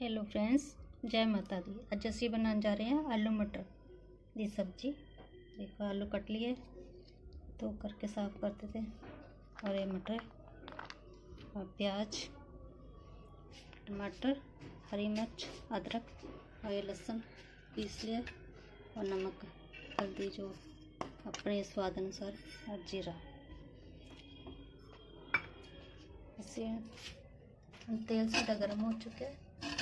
Hello friends जय माता दी आज जैसी बनाने जा रहे हैं आलू मटर की सब्जी देखो आलू कट लिए तो करके साफ करते थे और ये मटर और प्याज टमाटर हरी मिर्च अदरक और ये लहसुन पीस लिया और नमक हल्दी जो अपने स्वाद अनुसार और जीरा इसे तेल साढ़ा गर्म हो चुका है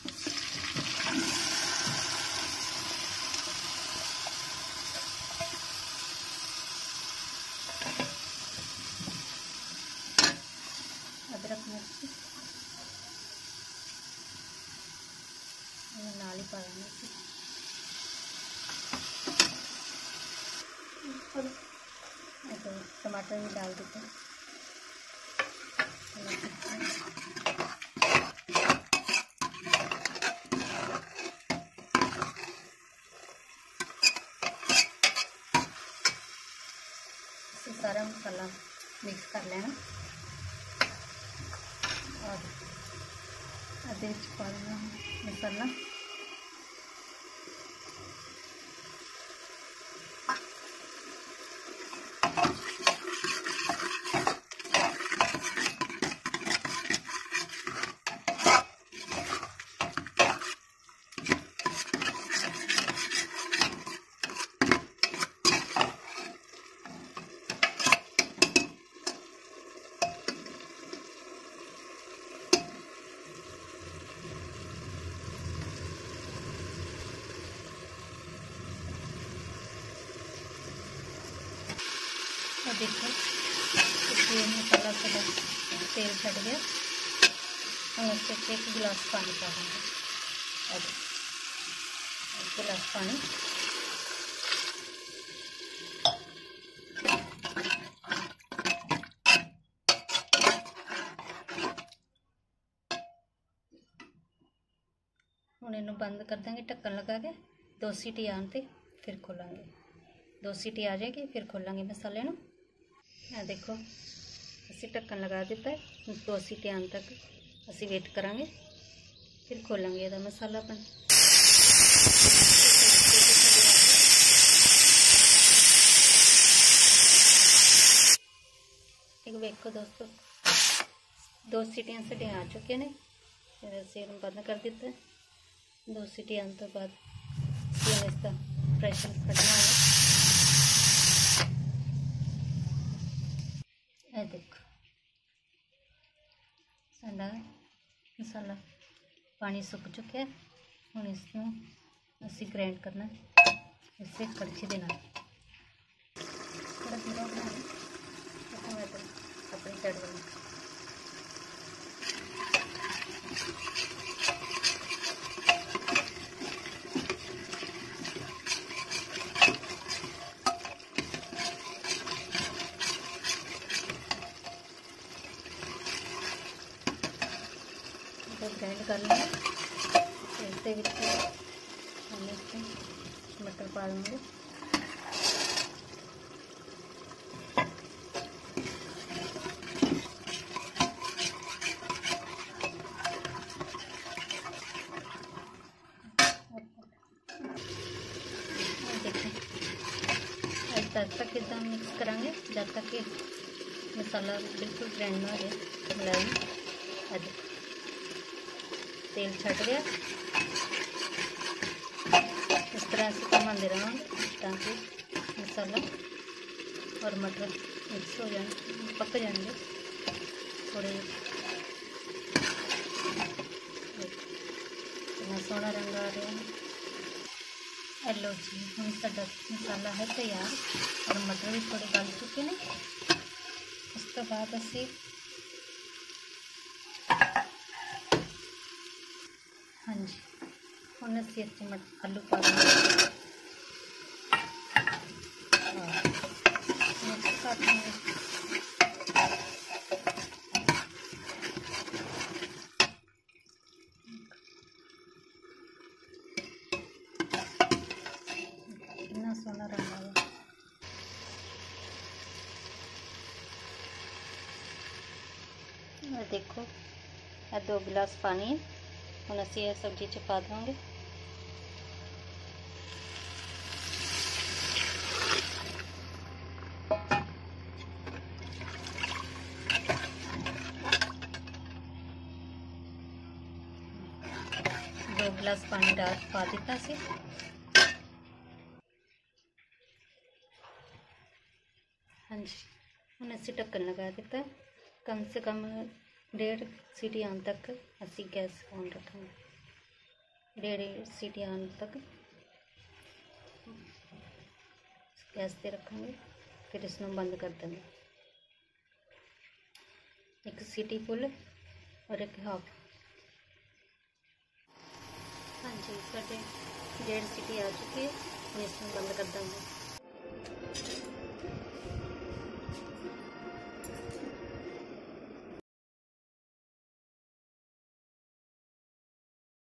अदरक मिर्ची नाली पाया मिर्ची टमाटर भी डाल देते हैं से सारा मसाला मिक्स कर लेना और अदरक देना मसाला देखो इसलिए मैं थोड़ा थोड़ा तेल छट गया हम उसके एक गिलास पानी पा देंगे एक गिलास पानी हूँ इन बंद कर देंगे ढक्कन लगा के दो सीटी आनते फिर खोलेंगे दो सीटी आ जाएगी फिर खोलेंगे मसाले ना यहाँ देखो अस्सी ढक्कन लगा दिता है तो अस्सी टाइम तक असी वेट करा फिर खोलेंगे यदा मसाला अपन वेखो दोस्तों दो सीटियां सीटियां आ चुके ने सीरम बंद कर दिता दो सीटियां तो बाद इसका कटना है साडा मसाला पानी सुक चुके है हम इस असी ग्रैंड करना इस कड़छी के ना थोड़ा अपनी साइड ग्राइंड कर लेंगे हिलते हिलते पा लेंगे मटर पालेंगे तक एकदम मिक्स करेंगे जब तक कि मसाला बिल्कुल ग्रैंड ना हो तो जाए तेल छट गया इस तरह से घुमाते रहोगे ताकि मसाला और मटर मिक्स हो जाए पक जाएंगे थोड़े इतना सोना रंग आ रहा है हेलो जी हम सा मसाला है तैयार और मटर भी थोड़े गल चुके हैं उसके तो बाद असी हाँ जी उन्नीस से अस्सी मट आलू पा कितना हाँ। सोना रंगा देखो दो गिलास पानी हम असी यह सब्जी छिपा देंगे दो गिलास पानी डाल पा दिता से हाँ जी हम असी ढक्कन लगा देता कम से कम डेढ़ सीटी आने तक असी गैस ऑन रखा डेढ़ सीटी आने तक गैस पर रखेंगे फिर इस बंद कर देंगे एक सीटी फुल और एक हाफ हाँ जी साढ़े डेढ़ सीटी आ चुकी है हम इस बंद कर देंगे